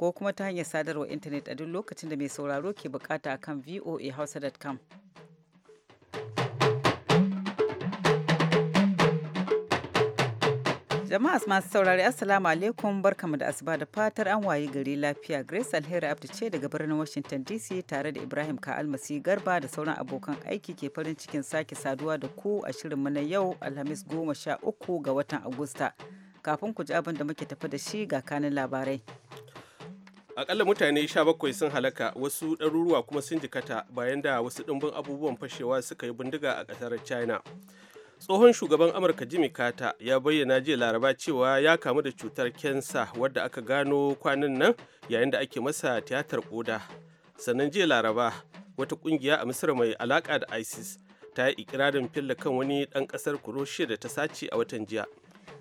ko kuma ta hanyar sadarwar intanet a duk lokacin da mai sauraro ke bukata akan voahausa.com. jama'a masu saurari assalamu alaikum barkamu da asuba da fatar an wayi gari lafiya grace alheri abdu ce daga birnin washington dc tare da ibrahim almasi garba da sauran abokan aiki ke farin cikin sake saduwa da ku a shirinmu na yau alhamis goma sha uku ga watan agusta kafin ku ji abin da muke tafi da shi ga kanin labarai akalla mutane 17 sun halaka wasu ɗaruruwa kuma sun jikata bayan da wasu ɗumbin abubuwan fashewa suka yi bindiga a ƙasar china tsohon shugaban amurka jimmy carter ya bayyana jiya laraba cewa ya kamu da cutar kensa wadda aka gano kwanan nan yayin da ake masa tiyatar koda sannan jiya laraba wata kungiya a misir mai alaka da isis ta yi ikirarin filla kan wani ɗan ƙasar kuroshe da ta sace a watan jiya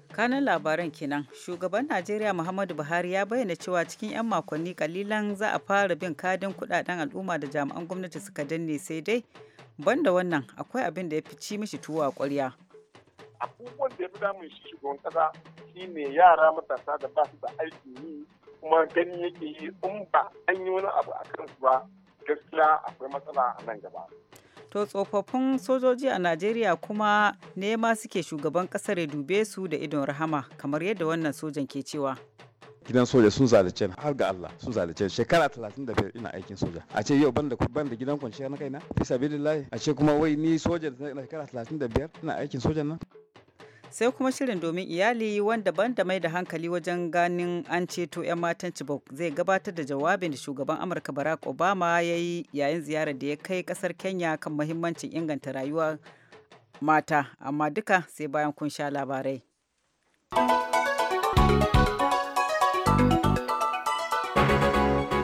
kanan labaran kenan shugaban najeriya muhammadu buhari ya bayyana cewa cikin 'yan makonni kalilan za a fara bin kadin kudaden al'umma da jami'an gwamnati suka danne sai dai banda wannan akwai abin da ya fi ci mishi tuwo a kwarya abubuwan da ya fi damun shi shugaban kasa shine yara matasa da ba su da aikin yi kuma gani yake yi in ba an yi wani abu a kansu ba gaskiya akwai matsala a nan gaba to tsofaffin sojoji a najeriya kuma nema suke shugaban kasar ya dube su da idon rahama kamar yadda wannan sojan ke cewa gidan soja sun zalice ni har ga Allah sun zalice ni shekara 35 ina aikin soja a ce yau banda ban da gidan kwanciya na kaina fi sabilillahi a ce kuma wai ni soja da shekara 35 ina aikin soja nan sai kuma shirin domin iyali wanda banda mai da hankali wajen ganin an ceto 'yan matan Chibok zai gabatar da jawabin da shugaban Amurka Barack Obama ya yi yayin ziyarar da ya kai kasar Kenya kan mahimmancin inganta rayuwa mata, amma duka sai bayan kun sha labarai.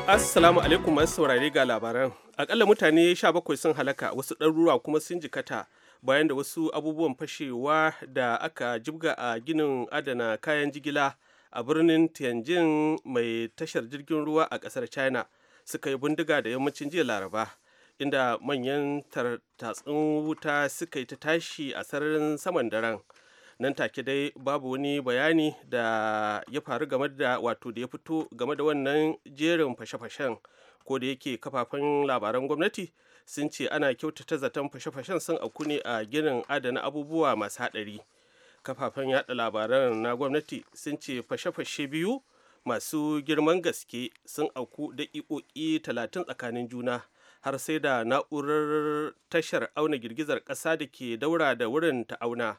Assalamu alaikum masu saurare ga labaran. Akalla mutane 17 sun halaka wasu ɗaruruwa kuma sun jikata. bayan da wasu abubuwan fashewa da aka jibga a ginin adana kayan jigila a birnin tianjin mai tashar jirgin ruwa a kasar china suka yi bindiga da yammacin jiya laraba inda manyan tatsun wuta suka yi ta tashi a sararin saman daren nan take dai babu wani bayani da ya faru game da wato da ya fito game da wannan jerin fashe-fashen ko da yake kafafen labaran gwamnati sun ce ana kyautata zaton fashe-fashen sun auku ne a ginin adana abubuwa masu haɗari kafafen yada labaran na gwamnati sun ce fashe-fashe biyu masu girman gaske sun auku daƙiƙoƙi talatin tsakanin juna har sai da na'urar tashar auna girgizar ƙasa da ke daura da wurin ta auna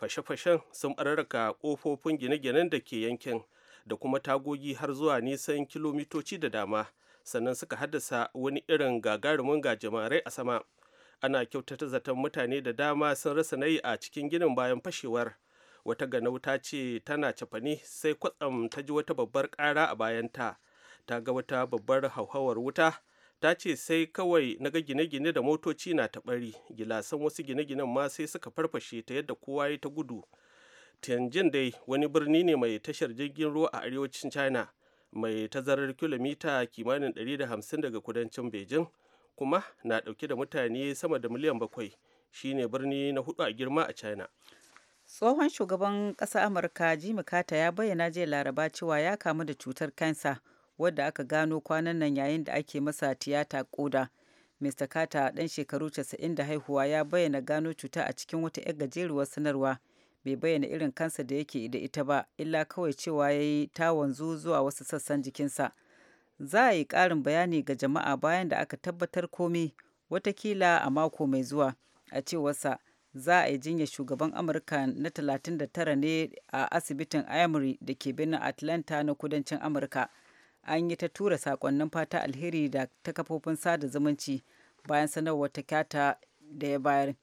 fashe-fashen sun ɓararraka ƙofofin gine-ginen da ke yankin da kuma tagogi har zuwa nisan kilomitoci da dama sannan suka haddasa wani irin gagarumin gajimare a sama ana kyautata zaton mutane da dama sun rasa nayi a cikin ginin bayan fashewar wata wuta ce tana cafani sai kwatsam ta ji wata babbar ƙara a bayanta ta ga wata babbar hauhawar wuta ta ce sai kawai na ga gine-gine da motoci na taɓari gilasan wasu gine-ginen ma sai suka farfashe ta yadda kowa ya ta gudu tianjin dai wani birni ne mai tashar jirgin ruwa a arewacin china mai tazarar kilomita kimanin 150 daga kudancin beijing kuma na dauke da mutane sama da miliyan bakwai shine birni na hudu a girma a china tsohon shugaban ƙasar amurka jimmy carter ya bayyana jiya laraba cewa ya kamu da cutar kansa wadda aka gano kwanan nan yayin da ake masa tiyata koda mr carter dan shekaru 90 da haihuwa ya bayyana gano cuta a cikin wata 'yar gajeruwar sanarwa bai bayyana irin kansa da yake da ita ba illa kawai cewa ya yi ta wanzu zuwa wasu sassan jikinsa za a yi ƙarin bayani ga jama'a bayan da aka tabbatar komi watakila a mako mai zuwa a cewarsa za a yi jinya shugaban amurka na 39 ne a asibitin amory da ke birnin atlanta na kudancin amurka an yi ta tura sakonnin fata alheri da ta kafofin sada zumunci bayan sanarwar ta kyata da ya bayar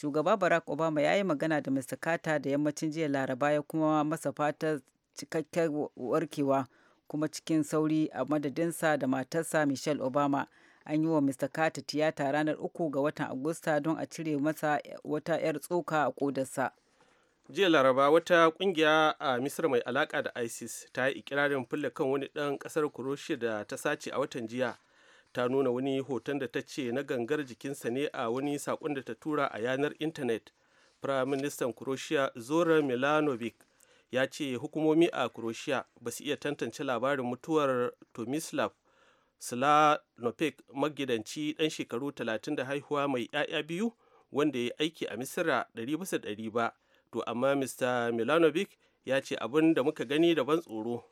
shugaba barack obama ya yi magana da mr carter da yammacin jiya laraba ya kuma masa fatar cikakken warkewa kuma cikin sauri a madadinsa da matarsa michelle obama an yi wa mr carter tiyata ranar uku ga watan agusta don a cire masa wata 'yar tsoka a kodarsa jiya laraba wata kungiya a misir mai alaka da isis ta yi ikirarin fulle kan wani dan kasar kuroshi da ta sace a watan jiya ta nuna wani hoton da ta ce na gangar jikinsa ne a wani saƙon da ta tura a yanar intanet prime minister croatia zora milanovic ya ce hukumomi a croatia ba su iya tantance labarin mutuwar tomislav slanopec magidanci ɗan shekaru 30 da haihuwa mai 'ya'ya biyu wanda ya aiki a misira 100% ba to amma mr milanovic ya ce abin da muka gani da ban tsoro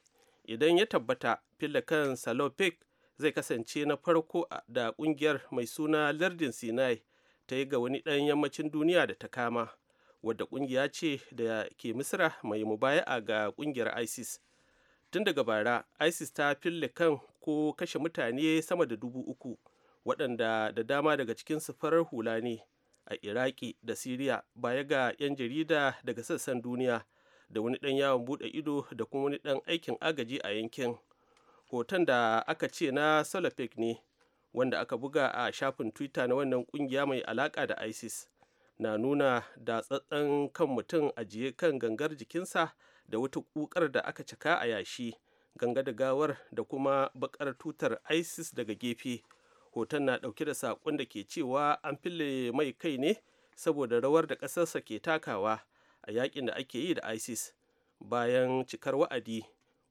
idan ya tabbata fila kan salopec zai kasance na farko da kungiyar mai suna lardin sinai ta yi ga wani ɗan yammacin duniya da ta kama wadda kungiya ce da ke misra mai mubaya'a ga kungiyar isis tun daga bara isis ta fille kan ko kashe mutane sama da dubu uku waɗanda da dama daga cikin farar hula ne a iraki da siriya baya ga 'yan jarida daga sassan duniya da wani ɗan yawon buɗe ido da kuma wani ɗan aikin agaji a yankin hoton da aka ce na solopec ne wanda aka buga a shafin twitter na wannan kungiya mai alaka da isis na nuna da tsatsen kan mutum ajiye kan gangar jikinsa da wata kukar da aka cika a yashi ganga da gawar da kuma bakar tutar isis daga gefe hoton na dauke da saƙon da ke cewa an fille mai kai ne saboda rawar da ƙasarsa ke takawa a yakin da ake yi da isis bayan cikar wa'adi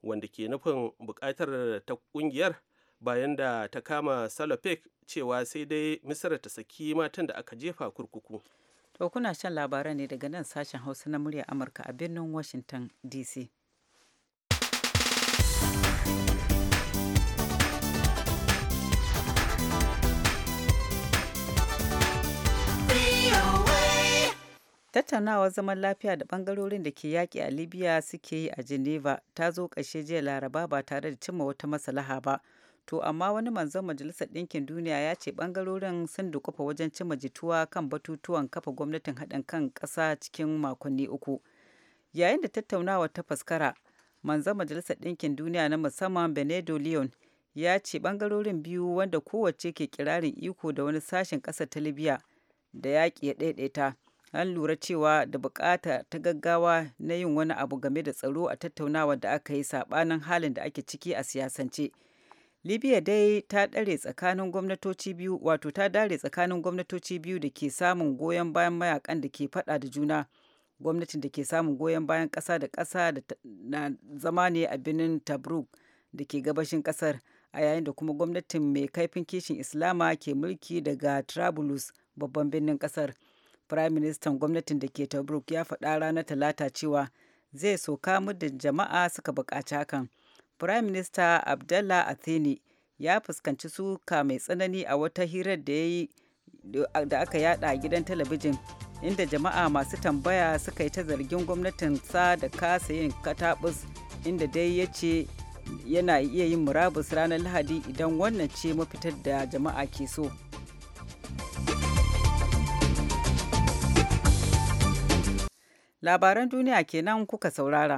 wanda ke nufin bukatar ta kungiyar bayan da ta kama salopec cewa sai dai misira ta saki matan da aka jefa kurkuku to kuna shan labaran ne daga nan sashen hausa na murya amurka a birnin washington dc tattaunawar zaman lafiya da bangarorin da ke yaƙi a libya suke yi a geneva ta zo ƙarshe jiya laraba ba tare da cimma wata masalaha ba to amma wani manzon majalisar ɗinkin duniya ya ce bangarorin sun dukufa wajen cimma jituwa kan batutuwan kafa gwamnatin haɗin kan ƙasa cikin makonni uku yayin da tattaunawar ta faskara manzon majalisar ɗinkin duniya na musamman benedo leon ya ce bangarorin biyu wanda kowace ke kirarin iko da wani sashen ƙasa ta libya da yaƙi ya ɗaiɗaita an lura cewa da bukata ta gaggawa na yin wani abu game da tsaro a tattaunawa da aka yi sabanin halin da ake ciki a siyasance libya dai ta dare tsakanin gwamnatoci biyu wato ta dare tsakanin gwamnatoci biyu da ke samun goyon bayan mayakan da ke fada da juna gwamnatin da ke samun goyon bayan kasa da kasa da na zama ne a birnin tabruk da ke gabashin kasar a yayin da kuma gwamnatin mai kaifin kishin islama ke mulki daga trablus babban birnin kasar Firaministan gwamnatin da ke Tobruk ya faɗa ranar Talata cewa zai soka muddin jama'a suka buƙaci hakan. Firaminista Abdallah Athene ya fuskanci suka mai tsanani a wata hirar da ya yi da aka yada a gidan talabijin inda jama'a masu tambaya suka yi ta zargin gwamnatin sa da kasa yin katabus inda dai ya ce yana iya yin murabus ranar lahadi idan wannan ce mafitar da jama'a ke so. labaran duniya kenan kuka saurara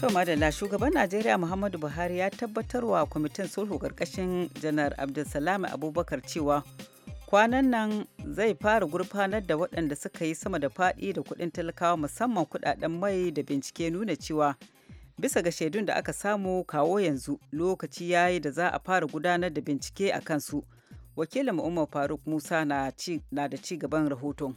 To madalla shugaban Najeriya Muhammadu Buhari ya tabbatarwa kwamitin sulhu karkashin janar Abdulsalam Abubakar cewa kwanan nan zai fara gurfanar da waɗanda suka yi sama da faɗi da kuɗin talakawa musamman kuɗaɗen mai da bincike nuna cewa bisa ga shaidun da aka samu kawo yanzu lokaci ya yi da za a fara gudanar da bincike a kansu wakilin umar faruk musa na da ci gaban rahoton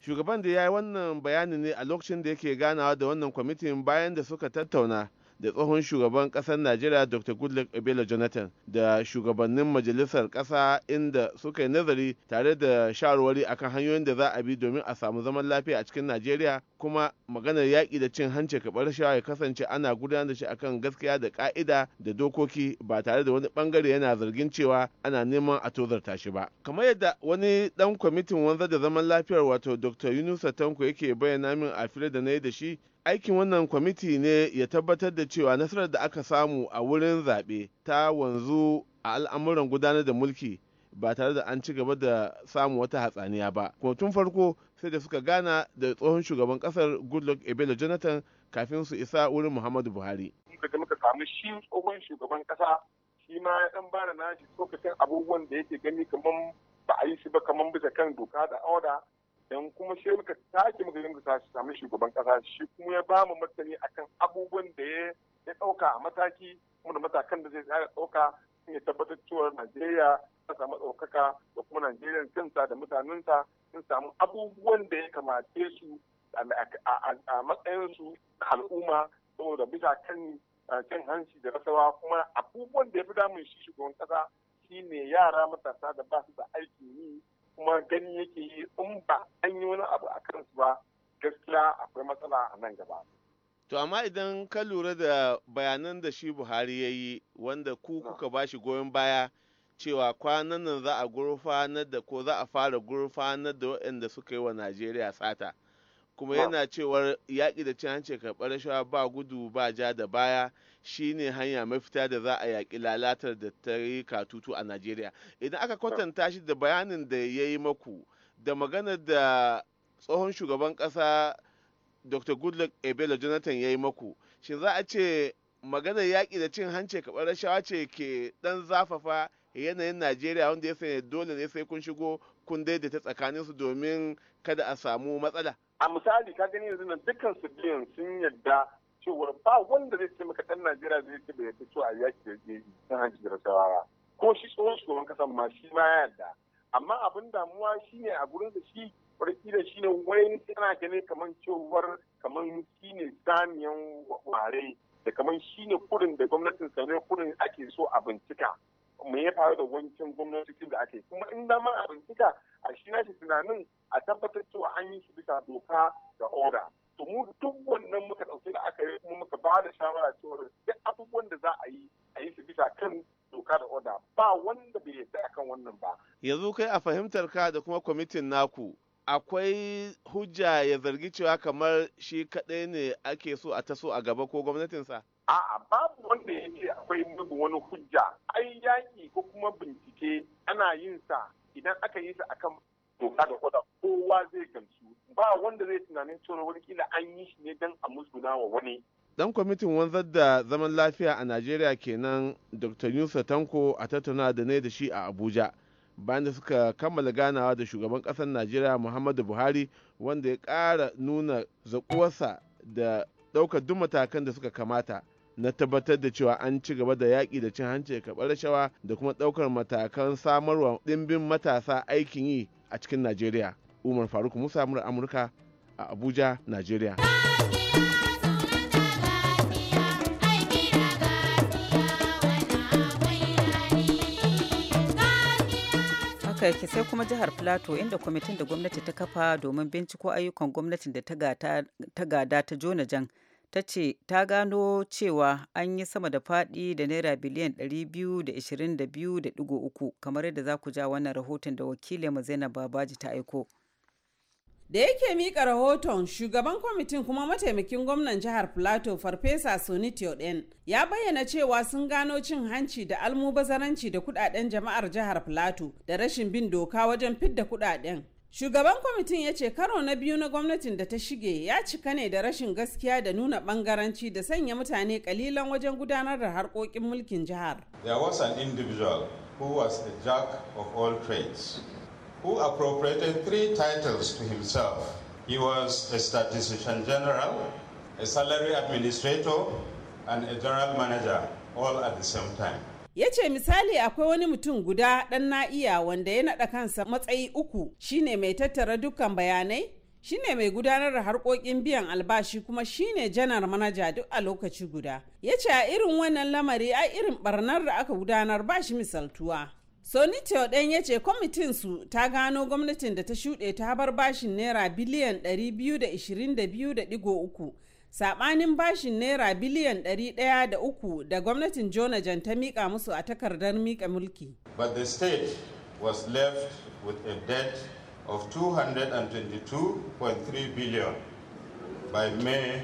shugaban da ya yi wannan bayani ne a lokacin da yake ganawa da wannan kwamitin bayan da suka tattauna da tsohon shugaban ƙasar najeriya dr goodluck ebele jonathan da shugabannin majalisar kasa inda suka yi nazari tare da shawarwari akan hanyoyin da za a bi domin a samu zaman lafiya a cikin najeriya kuma maganar yaƙi da cin hanci ka bar ya kasance ana gudanar da shi akan gaskiya da ƙa'ida da dokoki ba tare da wani bangare yana zargin cewa ana neman a tozarta shi ba kamar yadda wani dan kwamitin wanzar da zaman lafiyar wato dr yunusa tanko yake bayyana min a fira da na yi da shi aikin wannan kwamiti ne ya tabbatar da cewa nasarar da aka samu a wurin zaɓe ta wanzu a al'amuran gudanar da mulki ba tare da an ci gaba da samun wata hatsaniya ba kuma tun farko sai da suka gana da tsohon shugaban kasar goodluck ebelo jonathan kafin su isa wurin muhammadu buhari daga muka samu shi tsohon shugaban kasa shi ma ya dan bada nashi tsokacin abubuwan da yake gani kamar ba a yi shi ba kamar bisa kan doka da oda dan kuma sai muka sake muka yi muka samu shugaban kasa shi kuma ya ba mu martani akan abubuwan da ya ya dauka a mataki kuma da matakan da zai tsara dauka ya tabbatar cewa Najeriya ta samu tsokaka da kuma Najeriya kanta da ta sun samu abubuwan da ya kamace su a matsayinsu na al'umma saboda bisa kan kan hanci da rasawa kuma abubuwan da ya fi damun shi shugaban kasa shine yara matasa da ba su da aikin yi kuma gani yake yi in ba an yi wani abu a kansu ba gaskiya akwai matsala a nan gaba. To amma idan ka lura da bayanan da shi Buhari ya yi wanda ku kuka ba shi goyon baya cewa kwanan nan za a gurfanar da ko za a fara gurfanar da waɗanda suka yi wa Najeriya sata. Kuma yana cewar yaƙi da cin hanci karɓar rashawa ba gudu ba ja da baya shine hanya mafita da za a yaƙi lalatar da ta yi katutu a najeriya idan aka kwatanta shi da bayanin da ya yi maku da maganar da tsohon shugaban ƙasa dr goodluck ebele jonathan ya yi maku shi za a ce maganar yaƙi da cin hanci kaɓar rashawa ce ke ɗan zafafa yanayin najeriya wanda ya sanya dole ne sai kun shigo kun daidaita tsakaninsu domin kada a samu matsala a misali ka gani yanzu nan dukkan su biyan sun yadda cewar ba wanda zai taimaka maka ɗan Najeriya zai ce bai yarda cewa yaki da ke kan hanci da rasawa ko shi tsohon shugaban kasan ma shi ma ya yarda amma abin damuwa shine a gurin da shi farkila shine wai yana ganin kamar cewar kamar shi ne samiyan ware da shi shine kurin da gwamnatin sanar kurin ake so a bincika me ya faru da wancan gwamnatocin da ake kuma in dama a bincika a shi na shi tunanin a tabbatar cewa an yi shi bisa doka da oda to mu duk wannan muka ɗauki da aka yi kuma muka ba da shawara cewa duk abubuwan da za a yi a yi su bisa kan doka da oda ba wanda bai yarda akan wannan ba yanzu kai a fahimtar ka da kuma kwamitin naku akwai hujja ya zargi cewa kamar shi kaɗai ne ake so a taso a gaba ko gwamnatinsa? A'a babu wanda ya ce akwai mugu wani hujja. Ai yaƙi ko kuma bincike ana yin sa idan aka yi sa akan doka da oda kowa zai gamsu. ba wanda zai tunanin cewa wani kila an yi shi ne dan a musguna wa wani dan kwamitin wanzar da zaman lafiya a najeriya kenan dr yusa tanko a tattauna da ne da shi a abuja bayan da suka kammala ganawa da shugaban kasar najeriya muhammadu buhari wanda ya ƙara nuna zaƙuwarsa da ɗaukar duk matakan da suka kamata na tabbatar da cewa an ci gaba da yaƙi da cin hanci da rashawa da kuma ɗaukar matakan samarwa ɗimbin matasa aikin yi a cikin najeriya umar faruk musa mura amurka a abuja nigeria haka sai kuma jihar plateau inda kwamitin da gwamnati ta kafa domin binciko ayyukan gwamnatin da ta gada ta jona jan ta ce ta gano cewa an yi sama da fadi da naira biliyan 222.3 kamar yadda za ku ja wannan rahoton da ma zainab babaji ta aiko. da yake mika rahoton shugaban kwamitin kuma mataimakin gwamnan jihar plato farfesa soni theoden ya bayyana cewa sun gano cin hanci da almubazaranci da kudaden jama'ar jihar plato da rashin bin doka wajen fidda kudaden shugaban kwamitin ya ce karo na biyu na gwamnatin da ta shige ya cika ne da rashin gaskiya da nuna bangaranci da sanya mutane kalilan wajen gudanar da harkokin mulkin jihar there was an individual who was the jack of all trades who appropriated three titles to himself. He was a statistician general, a salary administrator, and a general manager all at the same time. ya ce misali akwai wani mutum guda ɗan na'iya wanda ya naɗa kansa matsayi uku shine mai tattara dukkan bayanai shine mai gudanar da harkokin biyan albashi kuma shine janar manaja duk a lokaci guda ya ce a irin wannan lamari a irin ɓarnar da aka gudanar ba shi misaltuwa Sonicho ɗan ya ce kwamitinsu ta gano gwamnatin da ta shuɗe ta bar bashin naira biliyan 222.3 saɓanin bashin naira biliyan 103 da gwamnatin jonajan ta miƙa musu a takardar miƙa mulki. But the state was left with a debt of 222.3 billion by May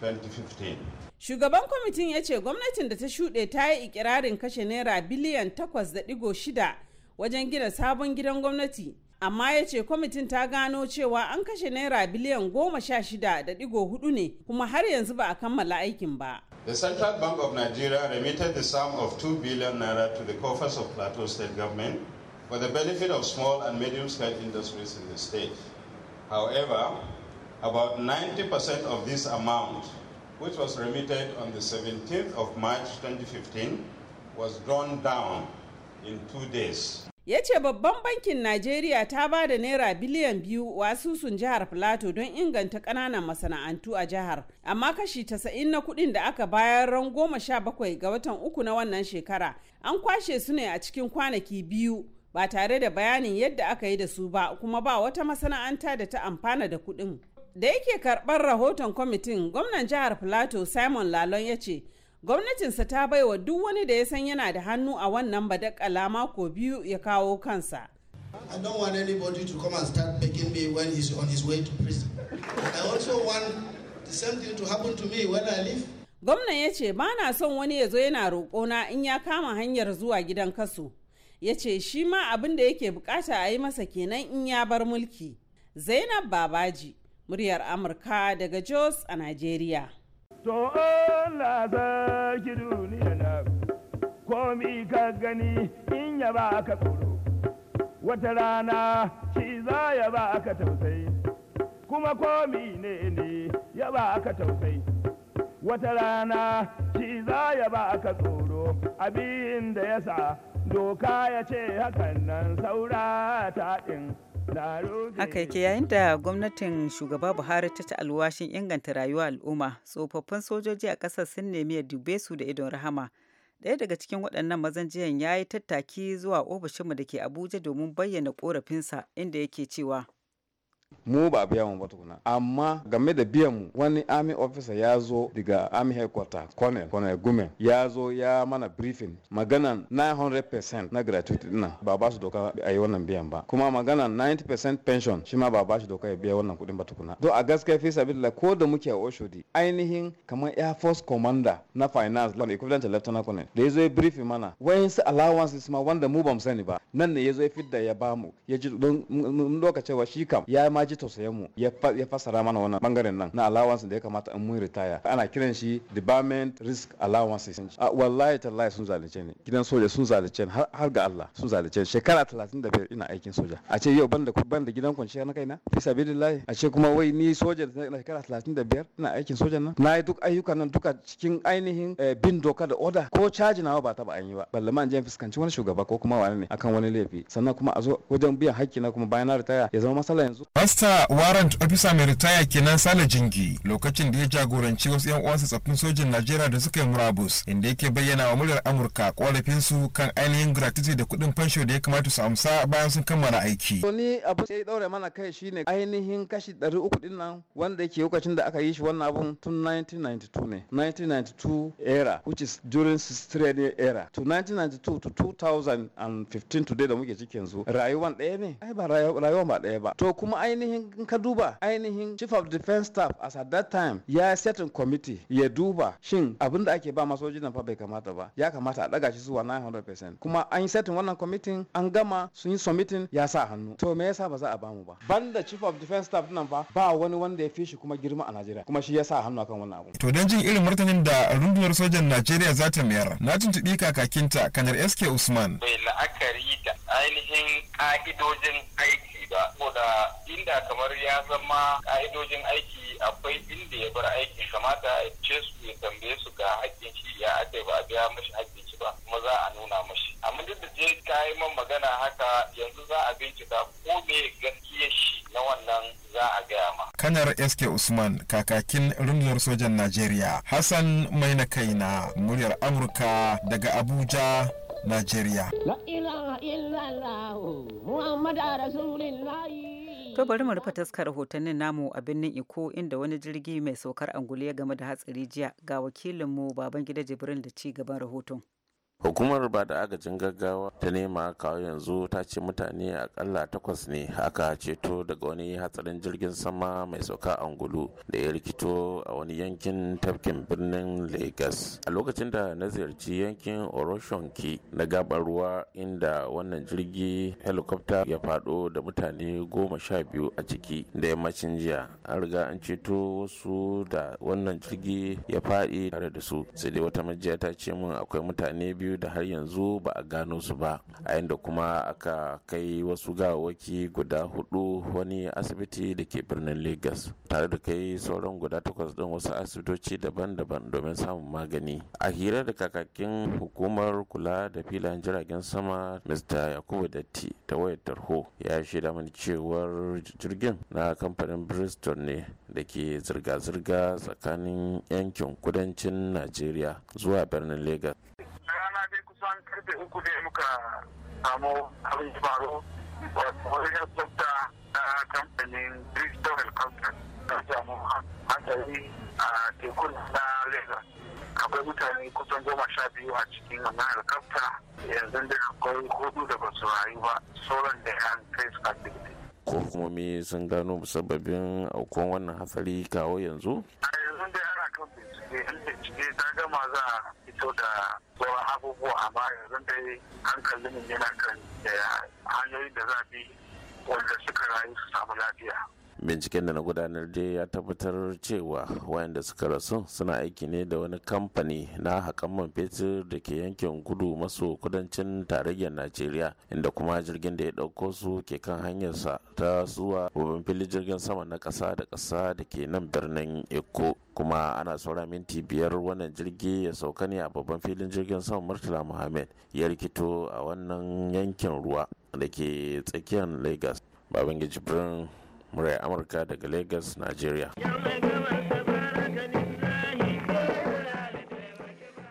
2015. Shugaban kwamitin ya ce gwamnatin da ta shuɗe ta yi ikirarin kashe naira biliyan takwas da ɗigo shida wajen gina sabon gidan gwamnati. Amma ya ce kwamitin ta gano cewa an kashe naira biliyan goma sha shida da ɗigo hudu ne kuma har yanzu ba a kammala aikin ba. The Central Bank of Nigeria remitted the sum of 2 billion naira to the coffers of Plateau State government for the benefit of small and medium-sized industries in the state. However, about 90% of this amount which was remitted on the 17th of March 2015, was drawn down in two days. ya ce babban bankin najeriya ta ba da naira biliyan biyu wa asusun jihar plato don inganta kananan masana'antu a jihar amma kashi tasa'in na kudin da aka bayar ran goma sha bakwai ga watan uku na wannan shekara an kwashe su ne a cikin kwanaki biyu ba tare da bayanin yadda aka yi da su ba kuma ba wata masana'anta da ta amfana da kudin da yake karɓar rahoton kwamitin gwamnan jihar plateau simon lalon ya ce gwamnatinsa ta baiwa duk wani da ya san yana da hannu a wannan badakala mako biyu ya kawo kansa I don't want anybody to come and start begging me when he's on his way to prison. I also want the same thing to happen to me when I leave. Gwamnan ya ce ba na son wani ya zo yana roƙona in ya kama hanyar zuwa gidan kaso. Ya ce shi ma abin da yake bukata a yi masa kenan in ya bar mulki. Zainab Babaji, muryar amurka daga jos a nigeria to Allah duniya na komi ka gani in ya ba tsoro wata rana shi za ya ba tausayi kuma komi ne ne ya ba ka tausayi wata rana shi za ya ba ka tsoro abin da ya sa doka ya ce hakan nan saura ta ɗin haka yake yayin da gwamnatin shugaba buhari ta ci alwashin inganta rayuwa al'umma tsofaffin sojoji a ƙasar sun nemi ya dube su da idon rahama ɗaya daga cikin waɗannan mazan jiyan ya yi tattaki zuwa ofishinmu da ke abuja domin bayyana ƙorafinsa inda yake cewa mu ba a biya mu ba tukuna amma game da biyan mu wani army officer ya zo daga army headquarter colonel colonel gumen ya zo ya mana briefing maganan 900% na gratuity dina ba ba su doka a yi wannan biyan ba kuma maganan 90% pension shi ma ba ba shi doka ya biya wannan kudin ba tukuna to a gaskiya fi sabilla ko da muke a oshodi ainihin kamar air force commander na finance wanda equivalent lieutenant colonel da ya zo ya briefing mana wayansu allowances ma wanda mu ba mu sani ba nan ne ya zo ya fidda ya bamu ya ji don lokacin shi kam ya ma ji tausayen mu ya fassara mana wannan bangaren nan na allowance da ya kamata in mun ritaya ana kiran shi department risk allowance wallahi tallahi sun zalunce ne gidan soja sun zalunce har ga Allah sun zalunce shekara 35 ina aikin soja a ce yau banda banda gidan kwanciya na kaina fi sabilillahi a ce kuma wai ni soja na shekara 35 ina aikin soja nan na yi duk ayyukan nan duka cikin ainihin eh, bin doka da order ko caji nawa ba taba an yi ba balle man je fuskanci wani shugaba ko kuma wani ne akan wani laifi sannan kuma a zo wajen biyan hakki na kuma bayan na ritaya ya zama masala yanzu Master Warrant Officer mai ritaya kenan Sale Jingi lokacin da ya jagoranci wasu 'yan uwansa tsaffin sojin Najeriya da suka yi murabus inda yake bayyana wa muryar Amurka korafin su kan ainihin gratuity da kuɗin fansho da ya kamata su amsa bayan sun kammala aiki. To ni abu sai daure mana kai shine ainihin kashi ɗari uku din nan wanda yake lokacin da aka yi shi wannan abun tun 1992 ne. 1992 era which is during Sistranian era to 1992 to 2015 today da muke ciki yanzu rayuwan ɗaya ne ai ba rayuwan ba ɗaya ba to kuma ai ainihin in ka duba ainihin chief of defense staff as at that time ya setting committee ya duba shin abin da ake ba masoji nan fa bai kamata ba ya kamata a daga shi zuwa 900% kuma an yi setting wannan committee an gama sun yi submitting ya sa hannu to me yasa ba za a bamu ba banda chief of defense staff nan fa ba wani wanda ya fi shi kuma girma a Najeriya kuma shi ya sa hannu akan wannan abu to dan jin irin martanin da rundunar sojan Najeriya za ta mayar na tuntubi kakakinta kanar SK Usman bai la'akari da ainihin ka'idojin aiki aiki ba saboda inda kamar ya zama ka'idojin aiki akwai inda ya bar aiki kamata a ce su ya tambaye su ga hakkin shi ya ake ba a biya mashi haƙƙin shi ba kuma za a nuna mashi amma duk da je ka yi man magana haka yanzu za a bincika ko me gaskiyar shi na wannan za a gaya ma. kanar sk usman kakakin rundunar sojan najeriya hassan mai na kaina muryar amurka daga abuja Najeriya. To bari mu rufe taskar rahotannin namu a birnin Iko inda wani jirgi mai saukar angulu ya game da hatsari jiya ga wakilinmu gida Jibrin da ci gaban rahoton. hukumar ba da agajin gaggawa ta nema kawo yanzu ta ce mutane akalla takwas ne aka ceto daga wani hatsarin jirgin sama mai sauka angulu da ya rikito a wani yankin tafkin birnin lagos a lokacin da na ziyarci yankin oroshonki na gabar ruwa inda wannan jirgi helikofta ya fado da mutane goma sha biyu a ciki da yammacin jiya an riga an ceto wasu da wannan jirgi ya faɗi tare da su sai dai wata majiya ta ce min akwai mutane biyu biyu da har yanzu ba a gano su ba a inda kuma aka kai wasu gawaki guda hudu wani asibiti da ke birnin lagos tare da kai sauran guda takwas din wasu asibitoci daban-daban domin samun magani a hira da kakakin hukumar kula da filayen jiragen sama mr yakubu datti ta wayar tarho ya shaida mani cewar jirgin na kamfanin bristol ne da ke zirga-zirga tsakanin yankin kudancin najeriya zuwa birnin lagos safe kusan karfe uku ne muka samu abin faru wato wani sabta na kamfanin digital conference na samu hankali a tekun na lagos akwai mutane kusan goma sha biyu a cikin wannan alkafta yanzu da akwai hudu da ba su rayu ba sauran da yan face activity ko kuma me sun gano musabbabin aukuwan wannan hatsari kawo yanzu a yanzu dai ana kan bincike in bincike ta gama za a fito da sauran abubuwa amma yanzu dai hankalin yana kan eh, hanyoyin da za bi wanda suka rayu su samu lafiya. binciken da na gudanar dai ya tabbatar cewa wayanda suka rasu suna aiki ne da wani kamfani na haƙan man fetur da ke yankin gudu maso kudancin tarayyar najeriya inda kuma jirgin da ya ɗauko su ke kan hanyarsa ta zuwa babban filin jirgin sama na ƙasa da ƙasa da ke nan birnin eko kuma ana saura minti biyar wannan jirgi ya sauka ne a babban filin jirgin sama murtala muhammed ya rikito a wannan yankin ruwa da ke tsakiyar lagos babangiji birnin murai amurka daga lagos nigeria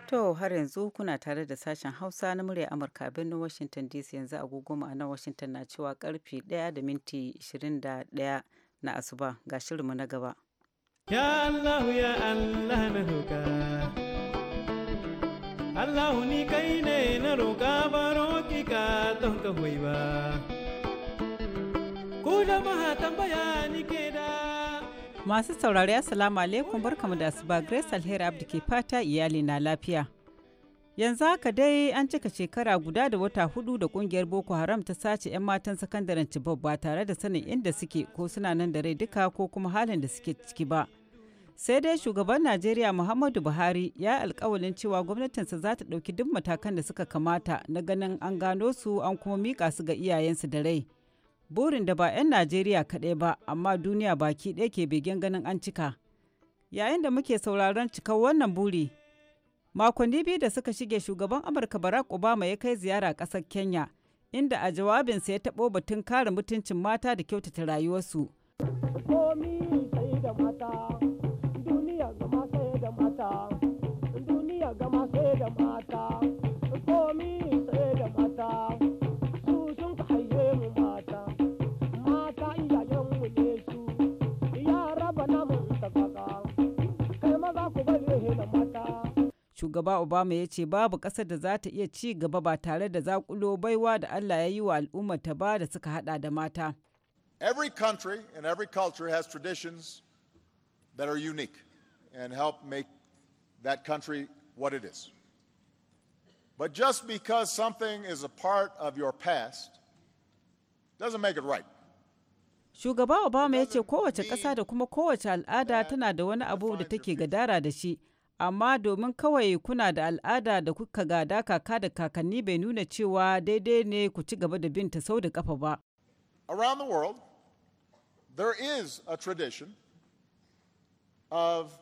To har yanzu kuna tare da sashen Hausa na murya Amurka birnin Washington DC yanzu agogo ma'anar Washington na cewa karfe 1 da minti 21 na asuba ga shirinmu na gaba. Ya allahu ya Allah na roƙa. allahu ni kai ne na roƙa baro kika ka don ka ba. Masu saurari Assalamu alaikum barkamu da asuba Grace Alheri Abdi ke fata iyali na lafiya. Yanzu haka dai an cika shekara guda da wata hudu da kungiyar Boko Haram ta sace 'yan matan sakandaren Chibok ba tare da sanin inda suke ko suna nan da rai duka ko kuma halin da suke ciki ba. Sai dai shugaban Najeriya Muhammadu Buhari ya yi alkawalin cewa gwamnatinsa za ta ɗauki duk matakan da suka kamata na ganin an gano su an kuma miƙa su ga iyayensu da rai. burin da ba 'yan Najeriya kaɗai ba amma duniya baki ɗaya ke begen ganin an cika. Yayin da muke sauraron cikar wannan buri, makonni biyu da suka shige shugaban Amurka Barack Obama ya kai ziyara ƙasar Kenya, inda a jawabinsa ya taɓo batun kare mutuncin mata da kyautata rayuwarsu. shugaba Obama ya ce babu ƙasar da za ta iya ci gaba ba tare da zakulo baiwa da Allah ya yi wa al'ummar ta ba da suka hada da mata. Every country and every culture has traditions that are unique and help make that country what it is. But just because something is a part of your past doesn't make it right. Shugaba Obama ya ce kowace ƙasa da kuma kowace al'ada tana da wani abu da take gadara da shi. amma domin kawai kuna da al'ada da kuka gada kaka da kakanni bai nuna cewa daidai ne ku ci gaba da sau da kafa ba. Around the world, there is a tradition of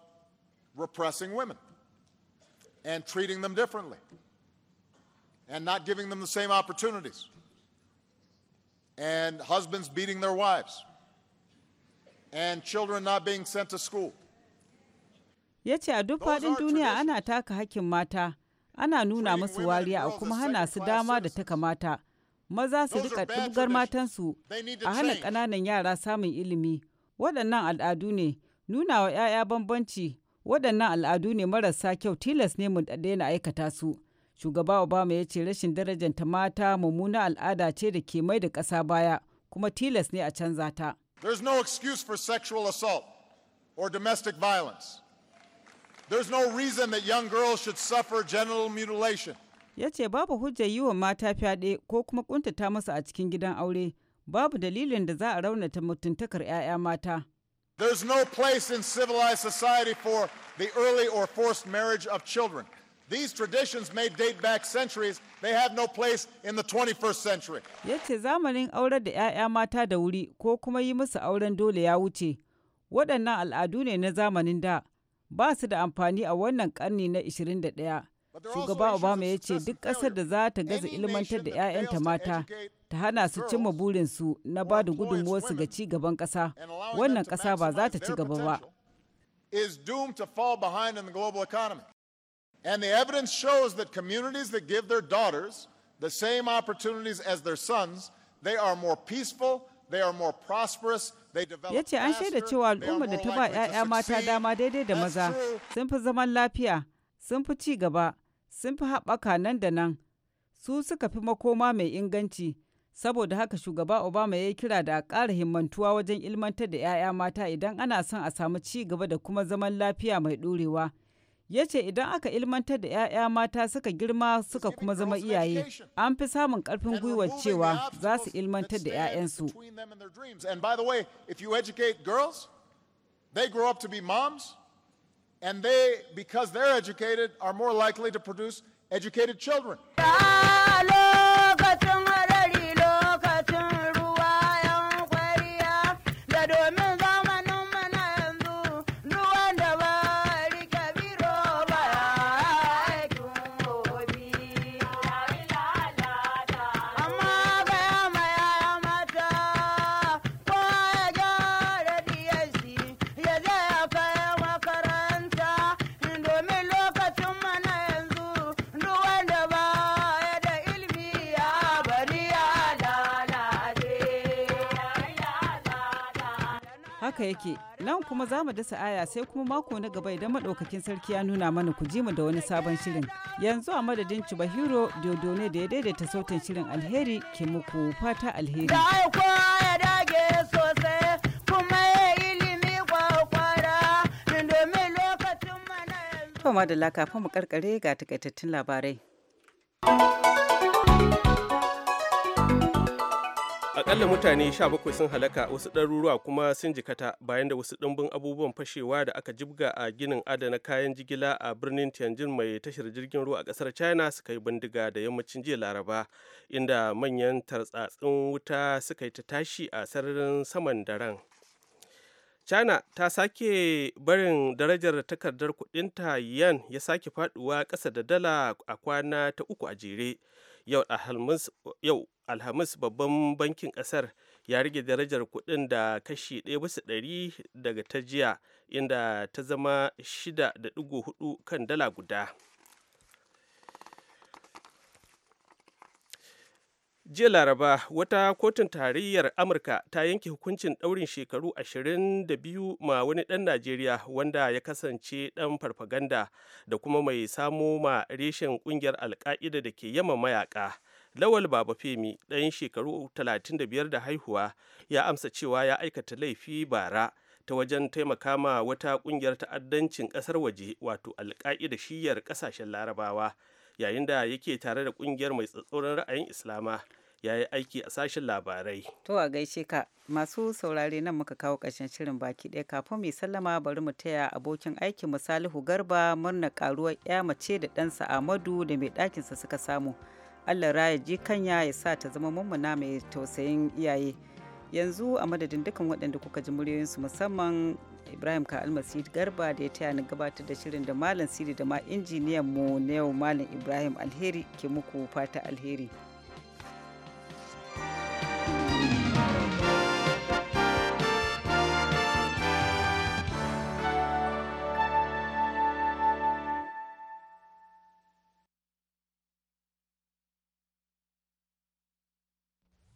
repressing women and treating them differently and not giving them the same opportunities and husbands beating their wives and children not being sent to school. ya ce a duk faɗin duniya ana taka hakkin mata ana nuna musu wariya a kuma hana su dama da ta kamata maza su rika ɗibgar matansu a hana ƙananan yara samun ilimi waɗannan al'adu ne nuna wa 'ya'ya bambanci waɗannan al'adu ne marasa kyau tilas ne mu daina aikata su shugaba obama ya ce rashin ta mata mummuna al'ada ce da ke mai da ƙasa baya kuma tilas ne a canza ta. There's no excuse for sexual assault or domestic violence. There's no reason that young girls should suffer genital mutilation. Ya ce babu hujjar yi wa mata fyaɗe ko kuma kuntata masu a cikin gidan aure. Babu dalilin da za a raunata mutuntakar 'ya'ya mata. There's no place in civilized society for the early or forced marriage of children. These traditions may date back centuries. They have no place in the 21st century. Ya ce zamanin aurar da 'ya'ya mata da wuri ko kuma yi musu auren dole ya wuce. Waɗannan al'adu ne na zamanin da. ba su da amfani a wannan karni na 21 shugaba obama ya ce duk ƙasar da za ta gaza ilmantar da 'ya'yanta mata ta hana su cimma burinsu na ba da gudunmuwarsu ga ci gaban ƙasa wannan ƙasa ba za ta ci gaba ba And the evidence shows that communities that give their daughters the same opportunities as their sons, they are more peaceful Ya ce an shaida cewa al'ummar da ta ba 'ya'ya mata dama daidai da maza sun fi zaman lafiya, sun fi ci gaba, sun fi haɓaka nan da nan, su suka fi makoma mai inganci. Saboda haka shugaba Obama ya yi kira da a ƙara himmantuwa wajen ilmantar da 'ya'ya mata idan ana son a samu ci gaba da kuma zaman lafiya mai ɗorewa. ya ce idan aka ilmantar da 'ya'ya mata suka girma suka kuma zama iyaye an fi samun karfin gwiwa cewa za su ilmantar da 'ya'yansu to be and they, because they're educated, are more likely to produce educated children. haka yake nan kuma za mu dasa aya sai kuma mako na gaba idan maɗaukakin sarki ya nuna mana ku ji mu da wani sabon shirin yanzu a madadin cibahiro dodone da ya daidaita sautin shirin alheri ke muku fata alheri da ya dage sosai kuma da madalla kafin mu karkare ga takaitattun labarai. akalla mutane 17 sun halaka wasu ɗaruruwa kuma sun jikata bayan da wasu ɗimbin abubuwan fashewa da aka jibga a ginin adana kayan jigila a birnin tianjin mai tashar jirgin ruwa a ƙasar china suka yi bindiga da yammacin jiya laraba inda manyan tartsatsin wuta suka yi ta tashi a sararin saman daren china ta sake barin darajar takardar kudinta yan ya sake faduwa ƙasa da dala a kwana ta uku a jere yau alhamis babban bankin kasar ya rage darajar kuɗin da kashi ɗaya bisa ɗari daga ta jiya inda ta zama 6.4 kan dala guda. jiya laraba wata kotun tarayyar amurka ta yanke hukuncin ɗaurin shekaru 22 ma wani ɗan najeriya wanda ya kasance ɗan farfaganda da kuma mai samo ma reshen ƙungiyar alka'ida da ke yamma mayaka lawal baba femi ɗan shekaru 35 da haihuwa ya amsa cewa ya aikata laifi bara ta wajen taimaka ma wata ƙungiyar ta'addancin ƙasar waje wato alka'ida shiyar ƙasashen larabawa yayin da yake tare da ƙungiyar mai tsatsauran ra'ayin islama ya yi aiki a sashen labarai. To a gaishe ka masu saurare nan muka kawo ƙarshen shirin baki ɗaya kafin mai sallama bari mu taya abokin aikin Salihu Garba murna karuwar ya mace da ɗansa Amadu da mai ɗakinsa suka samu. Allah raya kanya ya sa ta zama mummuna mai tausayin iyaye. Yanzu a madadin dukan waɗanda kuka ji muryoyinsu musamman Ibrahim Ka Almasi Garba da ya taya ni gabatar da shirin da Malam Siri da ma injiniyan mu na yau Malam Ibrahim Alheri ke muku fata alheri.